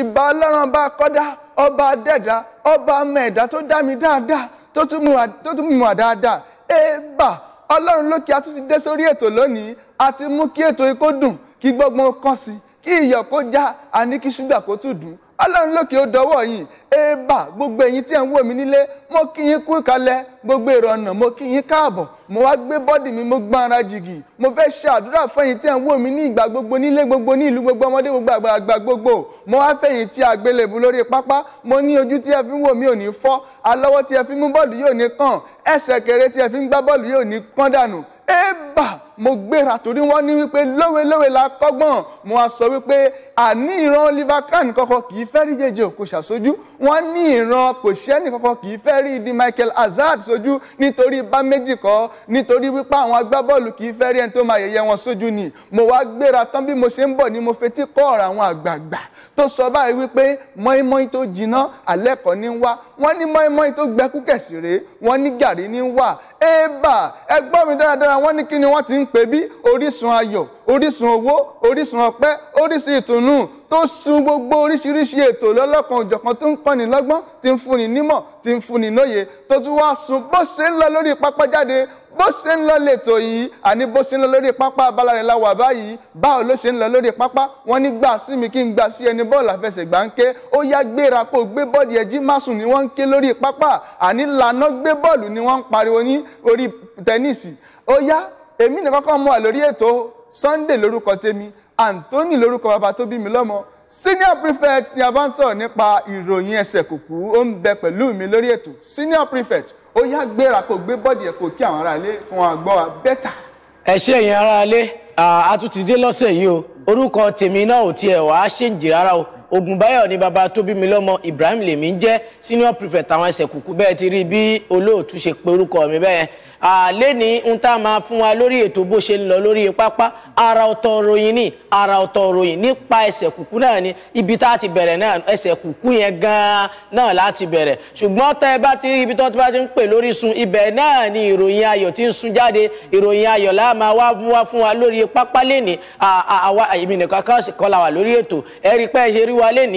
ìbà ọlọ́run bá kọ́dá ọba dẹ́dá ọba ọmọ ẹ̀dá tó dá mi dáadáa tó tún mú wa dáadáa èèbà ọlọ́run lókè a tún ti dé sórí ètò lónìí a ti mú kí ètò ikó dùn kí gbọ́gbọ́n kàn sí kí iyọ̀ kó já àní kí ṣúgà kó tún dùn ọlọ́run lókè ó dọwọ́ yìí ébà gbogbo ẹ̀yin tí ẹ̀ ń wò mí nílé mo kí yín kú kalẹ̀ gbogbo èrò ọ̀nà mo kí yín káàbọ̀ mo wá gbé bọ́dì mi mo gbọ́n ara jìgì mo fẹ́ ṣe àdúrà fẹ́yìn tí ẹ̀ ń wò mí ní ìgbà gbogbo nílé gbogbo ní ìlú gbogbo ọmọdé gbogbo àgbààgbà gbogbo mo wá fẹ́yìn tí àgbélébù lórí pápá mo ní ojú tí ẹ fi ń wò mí ò ní fọ́ alọ́wọ́ tí ẹ fi mú bọ́ọ̀lù yóò ní kàn ẹsẹ̀ kéré tí ẹ fi ń gbá bọ́ọ̀lù yóò ní kán dànù ébà mo gbéra torí wọ́n ní wípé lówelówe la kọ́gbọ́n mo wá sọ wípé àní ìran Oliver Kahn kọ́kọ́ kì í fẹ́ rí jẹjẹ òkú ṣàṣojú wọ́n ní ìran kò sẹ́ni kọ́kọ́ kì í fẹ́ rí di Michael Hazard sojú nítorí bá méjì kọ́ nítorí wípé àwọn agbábọ́ọ̀lù kì í fẹ́ rí ẹni tó máa yẹ̀yẹ́ wọn sójú ni mo wá gbéra tán bí mo ṣe ń bọ̀ ni mo fetí kọ́ ọ̀rọ̀ àwọn àgbààgbà tó sọ báyìí wípé mọ́ínmọ́ín tó jiná alẹ́ kọ́ ní wá wọ́n ní mọ́ínmọ́ín tó gbẹ́kúkẹ̀sì rèé wọ́n ní gàrí ní wà ébà ẹ mi dáradára wọ́n ní kí ni wọ́n ti ń pè bí orísun ayọ̀ orísun owó orísun ọpẹ́ orísun ìtùnú tó sun gbogbo oríṣiríṣi ètò lọ́lọ́kan òjọ̀kan tó ń kọ́ni lọ́gbọ́n ti ń fúnni nímọ̀ ti ń fúnni lóye tó tún wá sun bó ṣe ń lọ lórí pápá jáde bó ṣe ń lọ lẹ́tọ̀ yìí àní bó ṣe ń lọ lórí pápá abalárẹ̀ la wà báyìí báwo ló ṣe ń lọ lórí pápá wọ́n ní gbà sí mi kí n gbà sí ẹni bọ́ọ̀lù àfẹsẹ̀gbá ń ó yá gbéra kó gbé bọ́ọ̀lù ẹjí má ni wọ́n ń ké lórí pápá àní lànà gbé bọ́ọ̀lù ni wọ́n ń pariwo ní orí tẹ́nísì ó yá èmi nìkan kọ́ mọ́ lórí ètò Sunday lórúkọ tèmi Anthony lórúkọ bàbá tó bí mi lọ́mọ senior prefect ni a bá ń sọ̀rọ̀ nípa ìròyìn ẹsẹ̀ kùkú ó ń bẹ pẹ̀lú mi lórí ètò senior prefect ó yá gbéra kó gbé bọ́ọ̀dì ẹ̀ kó kí àwọn ará ilé fún wọn gbọ́ wa bẹ́tà. ẹ ṣé ẹ̀yin ará ilé a tún ti dé lọ́sẹ̀ yìí o orúkọ tèmi náà ò tiẹ̀ wàá ṣèǹjì rárá o Ògúnbáyọ̀ ni baba tó bí mi lọ́mọ Ibrahim lèmi ń jẹ́ senior prefect àwọn ẹsẹ̀ kùkú bẹ́ẹ̀ ti rí bí olóòtú ṣe pé orúkọ mi bẹ́ẹ̀ àlẹ́ ní ń tá a máa fún wa lórí ètò bó ṣe ń lọ lórí pápá ara ọ̀tọ̀ ròyìn ní ara ọ̀tọ̀ ròyìn nípa ẹsẹ̀ kùkú náà ni ibi tá a ti bẹ̀rẹ̀ náà ẹsẹ̀ kùkú yẹn gan-an náà láti bẹ̀rẹ̀ ṣùgbọ́n tẹ́ ẹ bá ti rí ibi tó ti bá ti ń pè lórí sun ibẹ̀ náà ni ìròyìn ayọ̀ ti ń sun jáde ìròyìn ayọ̀ láà máa wá mú wá fún wa lórí pápá lẹ́ni àwa èmi nìkan kan sì kọ́ la wà lórí ètò ẹ̀rí pẹ́ ṣe rí wa lẹ́ni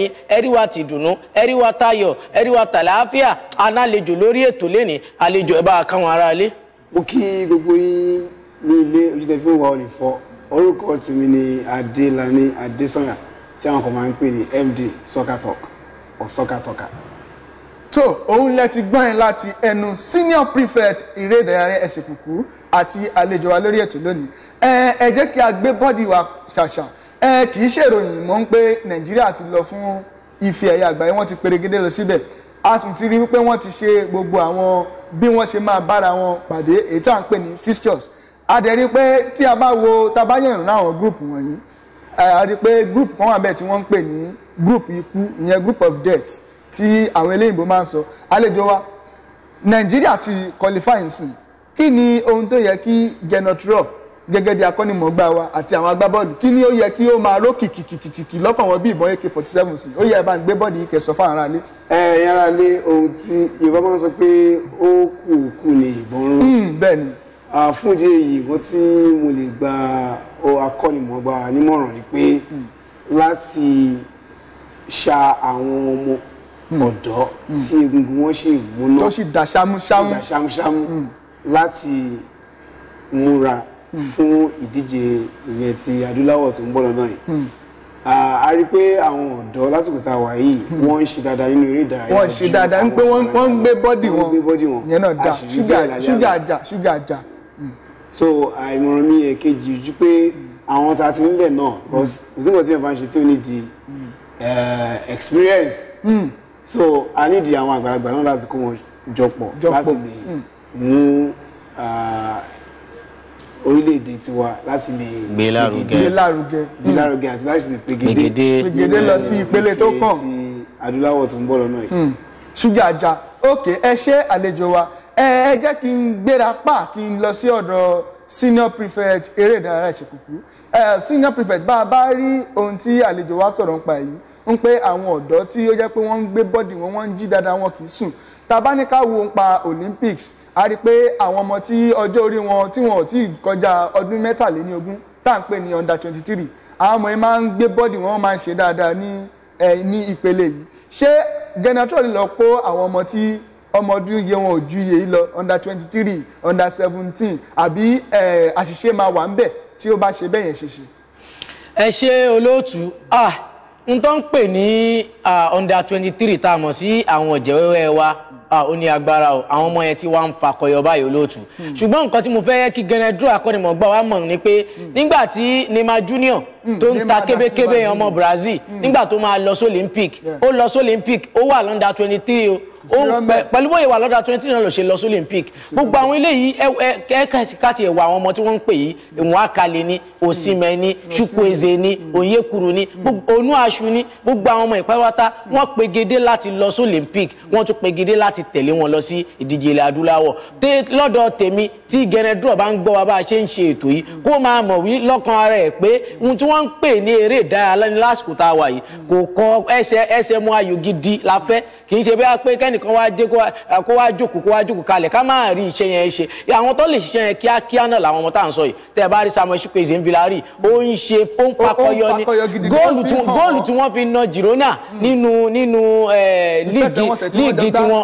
mo kí gbogbo yín ní ilé ojútẹ fún wa olùfọ orúkọ tèmi ni adélani adésànyà tí àwọn kan máa ń pè ní md soccer talk or soccer talker. tó òun lẹ ti gbọ́n yín láti ẹnu senior prefect eré ìdárayá ẹsẹ̀ kùkú àti àlejò wa lórí ètò lónìí ẹ ẹ jẹ́ kí a gbé bọ́dì wa ṣàṣà ẹ kì í ṣèròyìn mọ́ ń pé nàìjíríà ti lọ fún ife ẹ̀yà àgbáyé wọ́n ti perégedé lọ síbẹ̀ a sì ti rí wípé wọ́n ti ṣe gbogbo àwọn bí wọ́n ṣe máa bára wọn pàdé èyí tá à ń pè ní fixtures a dẹ̀ rí pé tí a bá wo tá a bá yẹ̀rùn láwọn gúrùpù wọ̀nyí a rí pé gúrùpù kan wà bẹ́ẹ̀ tí wọ́n ń pè ní gúrùpù ikú ìyẹn group of death tí àwọn eléyìnbó máa ń sọ àlejò wa Nàìjíríà ti qualify nsìn kí ni ohun tó yẹ kí genotrop gẹ́gẹ́ bí akọ́nimọ̀ọ́gbá wa àti àwọn agbábọ́ọ̀lù kí ni ó yẹ kí ó máa ró kìkìkìkìkì lọ́kàn wọn bí ìbọn ak forty seven sí ó yẹ bá ń gbé bọ́ọ̀dì yìí kẹsàn fún ara lé. ẹ yàrá lé ohun tí yorùbá máa ń sọ pé ó kù kù ní ìbọn rún. Hmm, bẹ́ẹ̀ ni. fún ìdí èyí wọ́n tí mo lè gba akọ́nimọ̀ọ́gbá nímọ̀ràn ni pé hmm. láti ṣa àwọn ọmọ hmm. ọ̀dọ́ tí egungun wọn ṣe ìmúná láti múra Hmm. fún ìdíje ìyẹn ti adúláwọ̀ tó ń bọ̀ lọ́nà yìí hmm. a rí pé àwọn ọ̀dọ́ lásìkò tá a wà yìí hmm. wọ́n ń ṣe dáadáa nínú eré ìdárayá wọ́n ṣe dáadáa ń pé wọ́n ń gbé bọ́dì wọn ìyẹn náà dá ṣúgà àjà ṣúgà àjà. so àìmọ̀ràn mi èkejì ju pé àwọn tá a ti nílẹ̀ náà kò sí nǹkan tí ẹ̀ bá ṣe tí ó ní di eh, experience so a nídìí àwọn àgbàlagbà náà láti kó wọn jọpọ̀ láti lè mú ah, orílẹ̀-èdè tiwa láti lè gbé lárugẹ gbé lárugẹ gbé hmm. lárugẹ àti láti lè pegedé pegedé lọ sí hmm. ìpele tó kàn ti adúláwọ̀ tó ń bọ̀ lọ́nà yìí. Hmm. ṣúgà ajá òkè ẹ ṣe àlejò wa ẹ jẹ́ kí n gbéra pa kí n lọ sí ọ̀dọ̀ senior prefect eré ìdárayá ìṣèkùkù senior prefect bá a bá rí ohun tí àlejò wa sọ̀rọ̀ ń pa yìí ń pé àwọn ọ̀dọ́ tí ó jẹ́ pé wọ́n ń gbé bọ́dì wọn wọ́n ń jí dáadáa wọn kì í sùn tàbá ní ká wo ń pa Olympics a rí i pé àwọn ọmọ tí ọjọ́ orí wọn tí wọn ò tí ì kọjá ọdún mẹ́tàléníogún tá à ń pè ní under twenty three àwọn ọmọ yẹn máa ń gbé bọ́ọ̀dì wọn máa ń ṣe dáadáa ní ní ìpele yìí ṣé Genatron lè lọ kó àwọn ọmọ tí ọmọ ọdún yẹ wọn ò ju iye yìí lọ under twenty three under seventeen àbí àṣìṣe máa wà ń bẹ̀ tí ó bá ṣe bẹ́ẹ̀ yẹn ṣiṣẹ́. ẹ ṣe olóòtú ah n tó ń pè ní ah, under twenty three tá a mọ̀ sí àwọn ọ̀jẹ̀wẹ́wẹ́ wa ó ní agbára o àwọn ọmọ yẹn tí wàá ń fakọyọ báyìí olóòtú hmm. ṣùgbọ́n nǹkan tí mo fẹ́ kí gẹnẹdúró akọ́nimọ̀gbà wa mọ̀ ni pé hmm. nígbà tí Neymar Junior hmm. tó ń ta kébékébé ọmọ Brazil nígbà tó máa lọ sí Olympic ó lọ sí Olympic ó wà lọ́ndà twenty three o pẹ̀lú bóyá wà lọ́dà twenty náà lọ ṣe olympic gbogbo àwọn eléyìí ẹ̀ẹ́kàtì ẹ̀wà àwọn ọmọ tí wọ́n ń pè yìí Nwakali ni Osimhen ni hmm. Chukwueze ni hmm. Onyekuru ni hmm. Onuachu ni gbogbo àwọn ọmọ ìpáwátá wọ́n pegedé láti lọ olympic wọ́n tún pegedé láti tẹ̀lé wọn lọ sí ìdíje ilẹ̀ adúláwọ̀ lọ́dọ̀ tèmi tí gẹ̀rẹ́dúrọ̀ bá ń gbọ́ wa bá a ṣe ń ṣe ètò yìí kó máa mọ̀ wí lọ́kàn ara ẹ̀ pé kẹ́nìkan wá dé kó wá jókòó kó wá jókòó kalẹ̀ ká má rí iṣẹ́ yẹn ṣe àwọn tó lè ṣiṣẹ́ yẹn kíákíá náà làwọn ọmọ tá à ń sọ yìí tẹ́ ẹ bá rí Samuel Chukwueze ń fila rí ó ń ṣe ó ń fakọyọ ni góòlù tí wọ́n fi na Girona nínú nínú líìgì tí wọ́n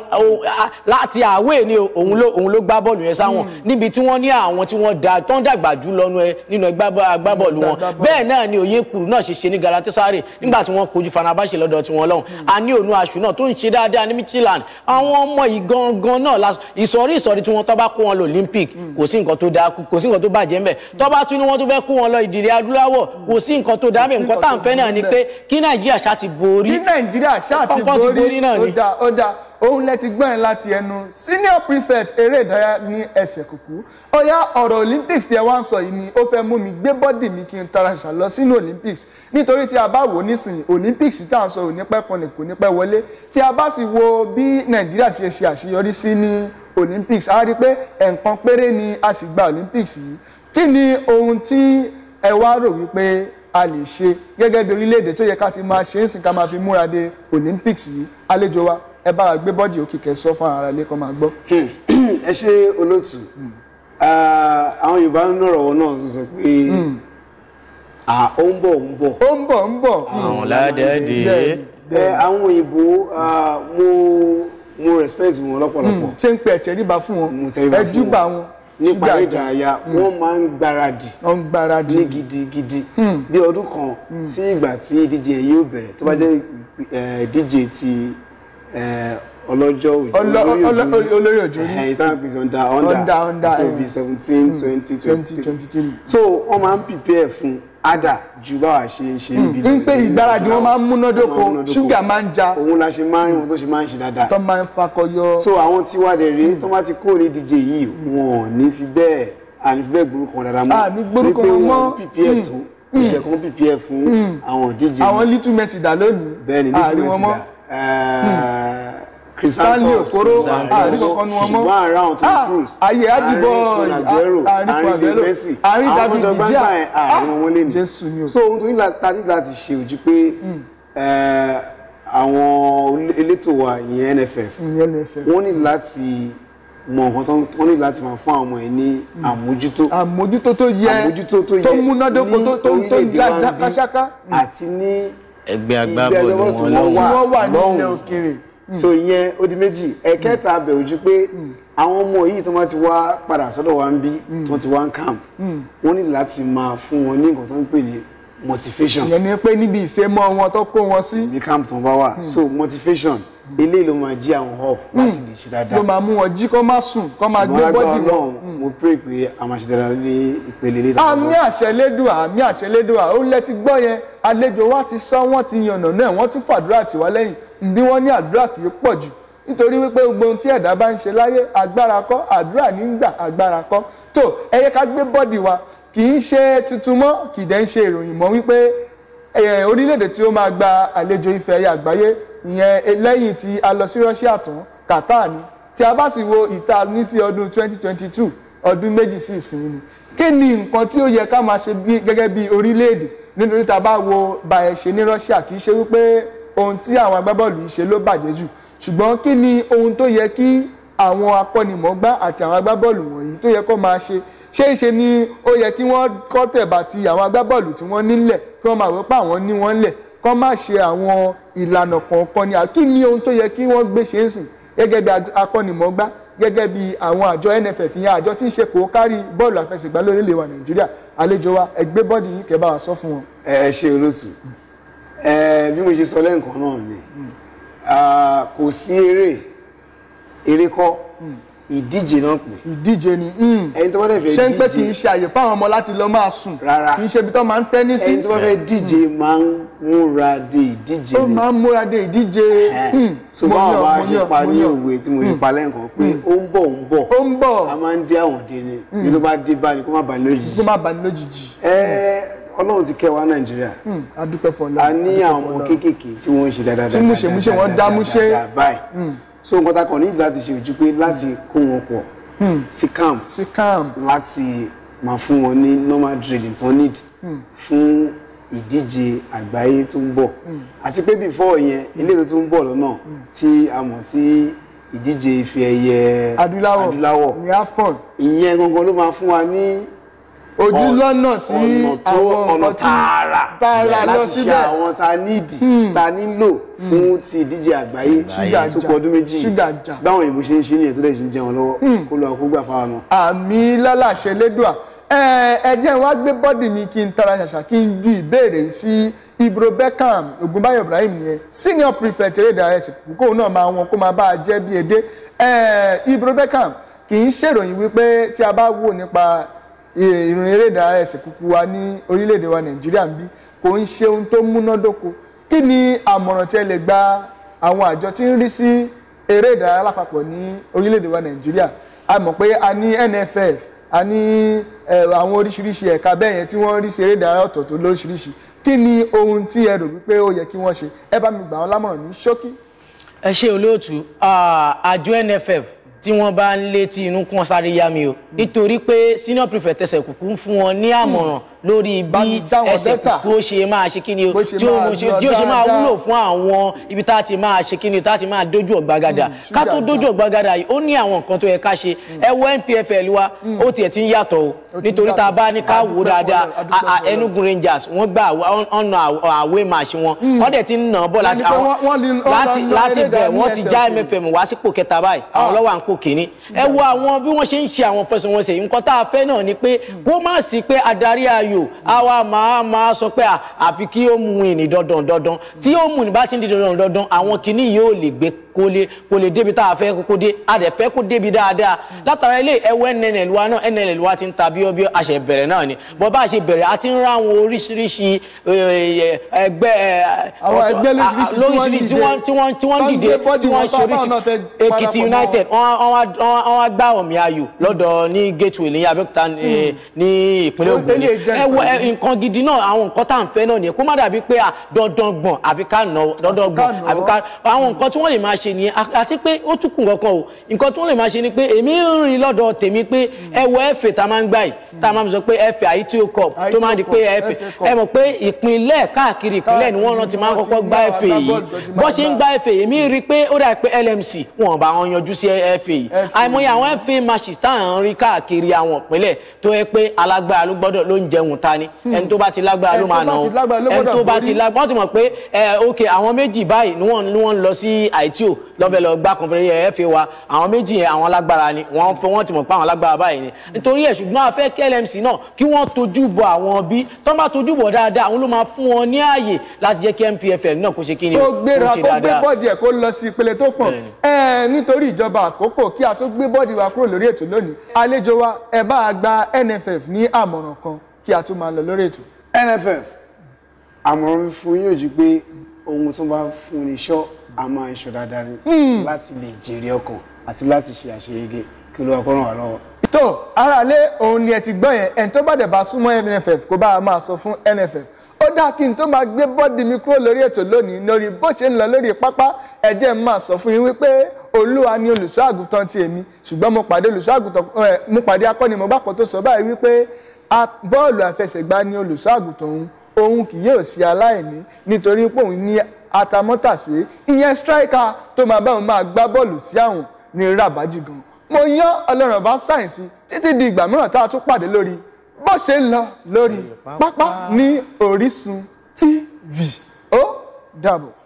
láti àwẹ̀ ni òun ló gbá bọ́ọ̀lù yẹn sáwọn hmm. níbi tí wọ́n ní àwọn tí wọ́n da tó ń dàgbà jù lọ́nu nínú agbábọ́ọ̀lù hmm, wọn bẹ́ẹ̀ náà ni òye kùrù náà ṣe ṣe ní Galatasaray nígbà tí wọ́n kojú Fenerbahce lọ́dọ̀ tí wọ́n lọ́hùn a ní òun aṣù náà tó ń ṣe dáadáa CAN àwọn ọmọ yìí gangan náà la ìsọ̀rí ìsọ̀rí tí wọ́n tó bá kó wọn lọ Olympic kò sí nǹkan tó dáa kò sí nǹkan tó bàjẹ́ ńbẹ̀ hmm. tó bá tún ní wọ́n tó fẹ́ kó wọn lọ ìdílé adúláwọ̀ kò sí hmm. nǹkan tó dáa ńbẹ̀ nǹkan tá à ń fẹ́ náà ni pé kí Nàìjíríà ṣáà ti borí kí Nàìjíríà ṣáà ti borí ó dáa ó dáa òun lẹ ti gbọ́n ẹ láti ẹnu senior prefect eré ìdárayá ní ẹsẹ̀ kùkú ọ̀yá ọ̀rọ̀ olympics tí ẹ wá ń sọ yìí ni ó fẹ́ mú mi gbé bọ́dì mi kí n tara ṣà lọ sínú olympics nítorí tí a bá wò nísìnyí olympics tá à ń sọ ò ní pẹ́ kan kò ní pẹ́ wọlé tí a bá sì wo bí nàìjíríà ti ṣe àṣeyọrí sí ní olympics a rí i pé ẹ̀ǹkan péré ni a sì gba olympics yìí kí ni ohun tí ẹ wá rò wípé a lè ṣe gẹ́gẹ́ bí orílẹ̀-èdè tó yẹ ká ti máa ṣe é sìn ká máa fi múra de olympics yìí àlejò wa ẹ bá wa gbé bọ́dì òkè kẹsọ́ fún ara ilé kọ́ máa gbọ́. Hmm. ẹ ṣe olóòtú hmm. àwọn yorùbá nọ̀rọ̀ wọn náà sọ pé hmm. ó ń bọ̀ ń bọ̀. ó ń bọ̀ ń bọ̀. àwọn ládẹ́ẹ̀dẹ́. àwọn òyìnbó mo mo respect wọn lọ́pọ̀lọpọ̀. ṣé ń pẹ́ ẹ̀tẹ̀ríba fún wọn ẹ̀júbà wọn nípa ìdárayá wọ́n máa ń gbáradì wọ́n gbáradì ní gidigidi bí ọdún kan sí ìgbà tí ìdíje yóò bẹ̀rẹ̀ tó bá jẹ́ ìdíje eh, ti Eh, ọlọ́jọ́ òjò olórí òjò rí ẹ̀ under. àpèsè ọ̀ndà so be seventeen hmm, twenty twenty three so wọ́n máa ń prepare fún ada ju báwa ṣe ń ṣe ń hmm, bí. ń pé ìgbáradì wọn máa ń múnádóko ṣúgà máa ń ja. òun la ṣe máa ń wọn tó ṣe máa ń ṣe dáadáa. tó máa ń fakọyọ. so àwọn tí wàá dẹ̀ rèé hmm. tó bá ti kó ní díje yìí wọn ò ní fi bẹ́ẹ̀ àní fi bẹ́ẹ̀ gbórúkọ dáadáa mọ́. àní gbórúkọ wọn mọ́ torí pé wọn prepare tó iṣẹ́ kan prepare fún àwọn díje. àwọn little Mercy dà lónìí. bẹ́ẹ̀ni little Mercy dà Stanley Okoro ah, àríkọ̀kan nu ọmọ ah, ayé àdìbò àríkọ̀àgbẹ́rò àrí David Gija ah, Jésù ni o. so ohun tó ní láti láti ṣe ojú pé hmm. eh, àwọn elétò wa ìyẹn NFF wọ́n ní láti mọ nǹkan tó wọ́n ní láti máa fún àwọn ọmọ ẹ̀ ní hmm. àmójútó. àmójútó tó yẹ àmójútó tó yẹ tó múnádóko tó tó tó já káṣáká. Hmm. àti ní ẹgbẹ́ agbábọ́ọ̀lù wọn lọ́wọ́ lọ́wọ́ Mm. so ìyẹn ó di méjì ẹ̀kẹta abẹ ojú pé mm. àwọn ọmọ yìí tó máa ti wá padà sọ́dọ̀ wa ń bí tó ti wá ń camp mm. wọ́n ní láti máa fún wọn ní nǹkan tó ń pè ní motivation. ìyẹn ni pé níbi ìsemọ́ wọn tó kó wọn sí. ní camp tó ń bá wà so motivation. Mm ilé ló máa jí àwọn up láti lè ṣe dáadáa. ló máa mú wọn jí kó má sùn kó máa gbé bọ́dì wọn. mo pray pé a máa ṣe dáadáa ní ìpele ilé ìdájọ́. àmì àṣẹlédùà àmì àṣẹlédùà ó lẹ́tí gbọ́ yẹn àlejò wa ti sọ wọ́n ti yànnà náà wọ́n tún fàdúrà tiwa lẹ́yìn bí wọ́n ní àdúrà kì í pọ̀ jù nítorí wípé gbogbo ohun tí ẹ̀dá bá ń ṣe láyé agbára kọ́ àdúrà nígbà agbára kọ́ tó ẹ ká gbé bọ́dì wa kì í ṣe tuntun mọ́ kì í dẹ̀ ń ṣe ìròyìn mọ́ wípé orílẹ̀-èdè tí ó máa gba àlejò ife àgbáyé ìyẹn lẹ́yìn tí a lọ sí Russia tún Qatar ni tí a bá sì wo ìta ní sí ọdún 2022 ọdún méjì sí ìsinmi ni kí ni nǹkan tí ó yẹ ká máa ṣe gẹ́gẹ́ bí orílẹ̀-èdè nítorí tá a bá wo bá ẹ ṣe ní Russia kì í ṣe wípé ohun tí àwọn agbábọ́ọ̀lù yìí ṣe ló bàjẹ́ jù ṣùgbọ́n kí ni ohun tó yẹ kí àwọn akọ́nimọ̀ọ́gbá àti àwọn agbábọ́ọ̀lù wọ̀nyí tó yẹ kó máa ṣe ṣé ṣe ni ó yẹ kí wọ́n kọ́ tẹ̀bà àwọn agbábọ́ọ̀lù tí wọ́n nílẹ̀ kí wọ́n máa wò àwọn ní wọ́n lẹ̀ kọ́ má ṣe àwọn ìlànà kọ̀ọ̀kan ni kí ni ohun tó yẹ kí wọ́n gbé ṣe é sìn gẹ́gẹ́ bí akọ́nimọ̀ọ́gbá gẹ́gẹ́ bí àwọn àjọ NFF ìyẹn àjọ tí ń ṣe kó kárí bọ́ọ̀lù àfẹsẹ̀gbá lórílẹ̀ wa Nàìjíríà àlejò wa ẹgbẹ́ bọ́ọ̀dì yìí kẹ́ bá wa sọ fún wọn. ẹ ṣe olóòtú ẹ bí mo ṣe sọ lẹ́ǹkan náà ni kò sí eré eré kọ́ hmm ìdíje náà pè. ìdíje ni hmm. ẹni tó bá dẹ̀ fẹ́ díje ṣé ń pẹ́ kì í ṣe àyè fáwọn ọmọ láti lọ máa sùn rárá kì í ṣe ibi tó máa ń tẹ́ sí. ẹni tó bá fẹ́ hmm. díje máa ń múra de ìdíje ni. ó máa ń múra de ìdíje. Hmm. so báwọn bá ṣe pa ní òwe tí mo rí pa lẹ́ǹkan pé ó ń bọ̀ ń bọ̀ ó ń bọ̀ a máa ń dé àwọn dé ni ní tó bá dé bá ni kó má bàa lójijì. kó má bàa lójijì. Ọlọ́run ti kẹ́ wa Nàìjíríà. a dúpẹ́ fọlọ́ a ní àwọn kéékèèké tí wọ́n ń ṣe dáadáa so nǹkan tá a kàn ní láti ṣe ojú pé láti kó wọn pọ̀ hmm. sí camp sí camp láti máa fún wọn normal drilling tó need hmm. fún ìdíje àgbáyé tó ń bọ̀ hmm. àti pé before yẹn eléyìí tó ń bọ̀ lọ́nà tí a mọ̀ sí ìdíje ife ẹ̀yẹ adúláwọ̀ ìyẹn AFCON ló máa fún wa ní ojú lọ́nà sí àwọn ọ̀nà tààrà láti ṣe àwọn ta nídìí hmm. ta nílò hmm. fún ti ìdíje àgbáyé tó kọ ọdún méjì báwọn ìbò ṣe ń ṣe nìyẹn tó lè ṣe ń jẹun lọ́wọ́ hmm. kó lọ kó gbà fáwọn náà. àmì lálàṣẹ lẹ́dùà ẹ̀jẹ̀ wa gbé bọ́dì mi kí n tara ṣàṣà kí n ju ìbéèrè sí Ibro Beckham Ògúnbáyọ̀ Ibrahim nìyẹn senior prefect eré ìdárayá ìsìnkú kóun náà máa wọn kó máa bá a jẹ́ bí edé Ibro Beckham kì í ṣèròyìn wípé tí a bá wò nípa ìrìn eré ìdárayá ẹsẹ̀ kúkú wa ní orílẹ̀-èdè wa nàìjíríà ń bí kò ń ṣe ohun tó múnádóko kí ni àmọ̀ràn tí ẹ lè gba àwọn àjọ tí ń rí sí eré ìdárayá lápapọ̀ ní orílẹ̀-èdè wa nàìjíríà a mọ̀ pé a ní NFF a ní àwọn oríṣiríṣi ẹ̀ka bẹ́ẹ̀ yẹn tí wọ́n rí sí eré ìdárayá ọ̀tọ̀ọ̀tọ̀ lóríṣiríṣi kí ni ohun tí ẹ rò wípé ó yẹ kí wọ́n ṣe ẹ bá mi gbà wọ́n lámọ̀ràn ní ṣókí. ẹ ṣe olóòtú àjọ NFF tí wọ́n bá ń létí inú kún ọ̀sáré yá mi o hmm. nítorí pé senior prefect tẹsẹ̀ kùkú ń fún wọn ní àmọ̀ràn hmm lórí bí ẹsẹ̀ kúkú ó ṣe máa ṣe kíni o tí ó ṣe máa wúlò fún àwọn ibi tá a ti máa ṣe kíni tá a ti máa dójú ọ̀gbagadà hmm, ká tó dójú ọ̀gbagadà yìí ó ní àwọn nǹkan tó yẹ ká ṣe hmm. ẹ wo NPFL wa hmm. ó tiẹ̀ ti ń yàtọ̀ o nítorí tá a bá ní ká wò dáadáa Enugu Rangers wọ́n gbà ọ̀nà àwé màṣí wọn wọ́n dẹ̀ ti ń nà bọ́ láti bẹ̀ wọ́n ti já MFM wá sípò kẹta báyìí ah. àwọn ló wà ń pò kìíní ẹ wo àwọn bí wọ́n ṣe ń ṣe àwọn láàyò á wá máa máa sọ pé àfi kí ó mú ìní dandan dandan tí ó mú ìní bá ti ń di dandan dandan àwọn kinní yìí ò lè gbé kó lè kó lè débi tá a fẹ́ kó dé a dẹ̀ fẹ́ kó débi dáadáa látara ilé ẹwọ́ nnl wa náà nnl wa ti ń ta bíọ́bíọ́ a ṣe bẹ̀rẹ̀ náà ni bọ́ bá a ṣe bẹ̀rẹ̀ a ti ń ráwọn oríṣiríṣi ẹgbẹ́ lóríṣiríṣi tí wọ́n tí wọ́n dìde tí wọ́n ṣoríṣi Èkìtì United wọ́n wá gbá ọ̀mì ayò lọ́dọ̀ ní Gateway ní Abẹ́òkúta hmm. ní ìpínlẹ̀ Ògùn ni ẹwọ́ nǹkan gidi náà àwọn nǹkan tá à ń fẹ́ náà nìyẹn kó má dàbí pé dandan gbọ̀n àfi ká nà dandan gbọ̀n àfi ká àwọn nǹkan tí wọ́n lè máa ṣ ṣe nìyẹn àti pé ó tún kùn kankan o nǹkan tó lè máa ṣe ni pé èmi ń rìn lọ́dọ̀ tèmi pé ẹ wo ẹ̀fẹ̀ tá a máa ń gbà yìí hmm. tá a máa ń sọ pé ẹ̀fẹ̀ àyítí cup tó máa di pé ẹ̀fẹ̀ ẹ mọ̀ pé ìpínlẹ̀ káàkiri ìpínlẹ̀ ni wọ́n rán ti máa ń kọ́kọ́ gbá ẹ̀fẹ̀ yìí bọ́ ṣe ń gbá ẹ̀fẹ̀ èmi rí pé ó dà pé LMC wọn bá wọn yanjú sí ẹ̀fẹ̀ yìí àìmọye àwọn ẹ̀fẹ̀ matches tá à ń rí káàkiri àwọn ìpínlẹ̀ tó yẹ pé alágbára ló gbọ́dọ̀ ló ń jẹun ta ni hmm. ẹni tó bá ti lágbára ló ok àwọn méjì báyìí ni wọ́n ń lọ sí àìtíò lọ́fẹ̀ẹ́ lọ gbá conference fa wa àwọn méjì yẹn àwọn alágbára ni wọ́n fẹ́ wọ́n ti mọ̀ pé àwọn alágbára báyìí ni nítorí ẹ̀ ṣùgbọ́n a fẹ́ kí LMC náà kí wọ́n tojú bọ àwọn bí tó bá tojú bọ̀ dáadáa àwọn ló máa fún wọn ní ààyè láti jẹ́ kí MPFL náà kó ṣe kí ni kó ṣe dáadáa. kó gbé bọ́ọ̀dì ẹ̀ kó lọ sí ìpele tó pọ̀ nítorí ìjọba àkókò kí a tó gbé bọ́ọ̀dì a gba NFF ní àmọ̀ràn kan kí a tó máa lọ lórí ètò. NFF fún yín ò pé ohun tó bá fún ni ṣọ́ a máa ń ṣọ́ra darí hmm. láti lè jèrè ọkàn àti láti ṣe àṣeyege kí ló ọkọ ràn wá lọ́wọ́. tó aráalé òun ni ẹ ti gbọ́ yẹn ẹni tó bá dẹ̀ bá súnmọ́ NFF kó bá a máa sọ fún NFF ó dáa kí n tó máa gbé bọ́ọ̀dì mi kúrò lórí ètò lónìí lórí bó ṣe ń lọ lórí pápá ẹ jẹ́ n máa sọ fún yín wípé olúwa ni olùṣọ́ àgùntàn ti èmi ṣùgbọ́n mo pàdé olùṣọ́ àgùntàn ẹ mo pàdé akọ́ni mo bá kọ́ tó sọ báyìí wípé bọ́ọ̀lù àfẹsẹ̀gbá ni olùṣọ́ àgùntàn òun kì yóò sí aláìní nítorí pé òun ní àtàmọ́tàsé ìyẹn striker tó máa bá òun máa gbá bọ́ọ̀lù sí àwọn ní rabaji gan mo yán ọlọ́run bá sáyẹ̀nsì títí di ìgbà mìíràn tá a tún pàdé lórí bó ṣe ń lọ lórí pápá ní Orísun TV ó dàbọ̀.